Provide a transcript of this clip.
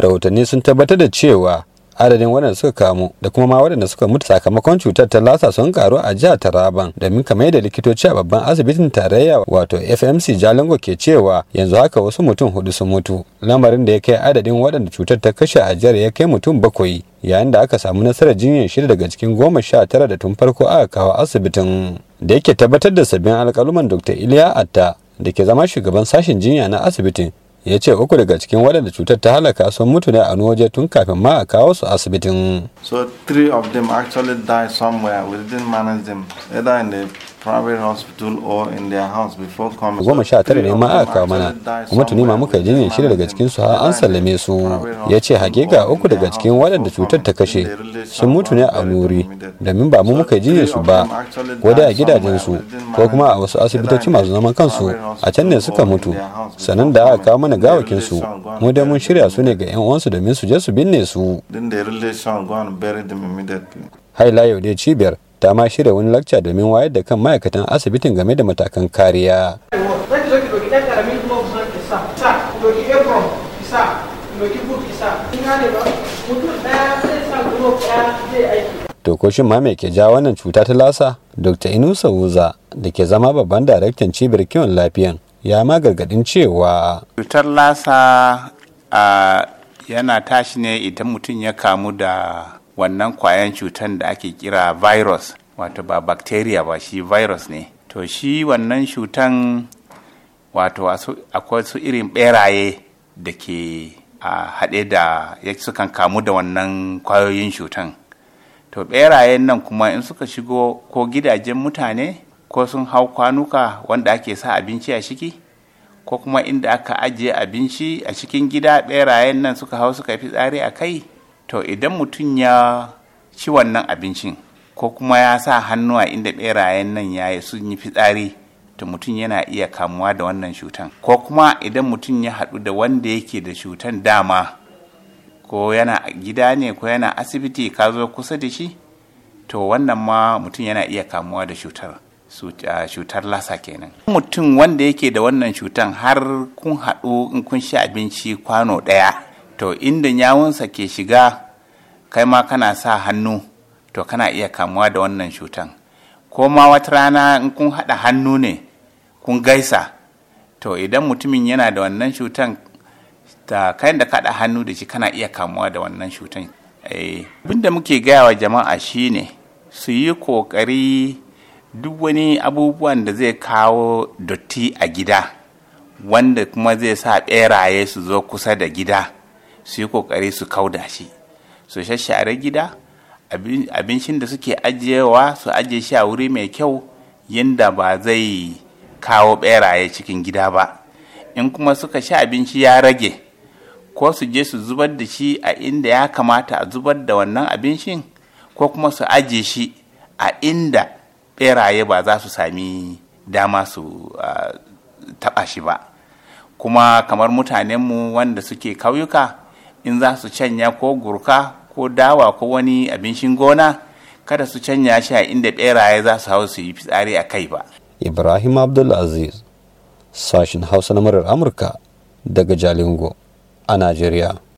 rahotanni sun tabbatar da cewa adadin waɗanda suka kamu da kuma ma wadanda suka mutu sakamakon cutar ta lasa sun karu a jihar Taraban domin kamar yadda likitoci a babban asibitin tarayya wato FMC Jalingo ke cewa yanzu haka wasu mutum hudu sun mutu lamarin da ya kai adadin waɗanda cutar ta kashe a jihar ya kai mutum bakwai yayin da aka samu nasarar jinyar shida daga cikin goma sha tara da tun farko aka kawo asibitin da yake tabbatar da sabbin alƙaluman Dr. Iliya Atta da ke zama shugaban sashen jinya na asibitin ya ce uku daga cikin waɗanda cutar ta halaka sun mutu ne a waje tun kafin ma a kawo su asibitin. So three of them actually died somewhere. We didn't manage them either in the goma sha tara ne ma aka kawo mana kuma tuni ma muka jini shida daga cikin su an sallame su ya ce hakika uku daga cikin waɗanda cutar ta kashe sun mutu ne a nuri domin ba mu muka jini su ba ko da a gidajensu ko kuma a wasu asibitoci masu zaman kansu a can ne suka mutu sannan da aka kawo mana gawakin su mu dai mun shirya su ne ga yan uwansu domin su je su binne su haila yau dai cibiyar ta ma shirya wani lakca domin wayar da kan ma'aikatan asibitin game da matakan kariya. tokoshin ma mai ke ja wannan cuta ta lasa? Dr. Inusa Wuza da ke zama babban daraktan cibiyar kiwon lafiyan ya ma gargadin cewa cutar lasa yana tashi ne idan mutum ya kamu da wannan kwayan cutan da ake kira virus wato ba bacteria ba shi virus ne to shi wannan cutan wato akwai su irin beraye da ke a haɗe da ya sukan kamu da wannan kwayoyin cutan to berayen nan kuma in suka shigo ko gidajen mutane ko sun hau kwanuka wanda ake sa abinci a ciki ko kuma inda aka ajiye abinci a cikin gida berayen nan suka hau suka fi tsari a kai to idan mutum ya ci wannan abincin ko kuma ya sa hannu a inda ɓerayen nan ya yi sun yi fitsari to mutum yana iya kamuwa da wannan cutan ko kuma idan mutum ya haɗu da wanda yake da cutan dama ko yana gida ne ko yana asibiti ka zo kusa da shi to wannan ma mutum yana iya kamuwa da cutar cutar lasa kenan mutum wanda yake da wannan cutan har kun haɗu in kun sha abinci kwano ɗaya to inda nyawunsa ke shiga kai ma kana sa hannu to kana iya kamuwa da wannan cutan ko ma wata rana in kun haɗa hannu ne kun gaisa to idan mutumin yana da wannan cutan ta kayan da kaɗa hannu da shi kana iya kamuwa da wannan cutan eh, abin da muke gaya wa jama'a shine su yi ƙoƙari duk wani abubuwan da zai kawo dotti a gida wanda kuma zai sa ɓeraye su zo kusa da gida su yi kokari su kauda shi su shashare gida abincin da suke ajiyewa su ajiye shi a wuri mai kyau yadda ba zai kawo beraye cikin gida ba in kuma suka sha abinci ya rage ko su je su zubar da shi a inda ya kamata a zubar da wannan abincin ko kuma su ajiye shi a inda beraye ba za su sami dama su taɓa shi ba kuma kamar mutanenmu wanda suke kauyuka in za su canya ko gurka ko dawa ko wani abincin gona kada su canya shi a inda beraye za su hau su yi fitsari a kai ba ibrahim abdulaziz sashin hausa na murar amurka daga jalingo a najeriya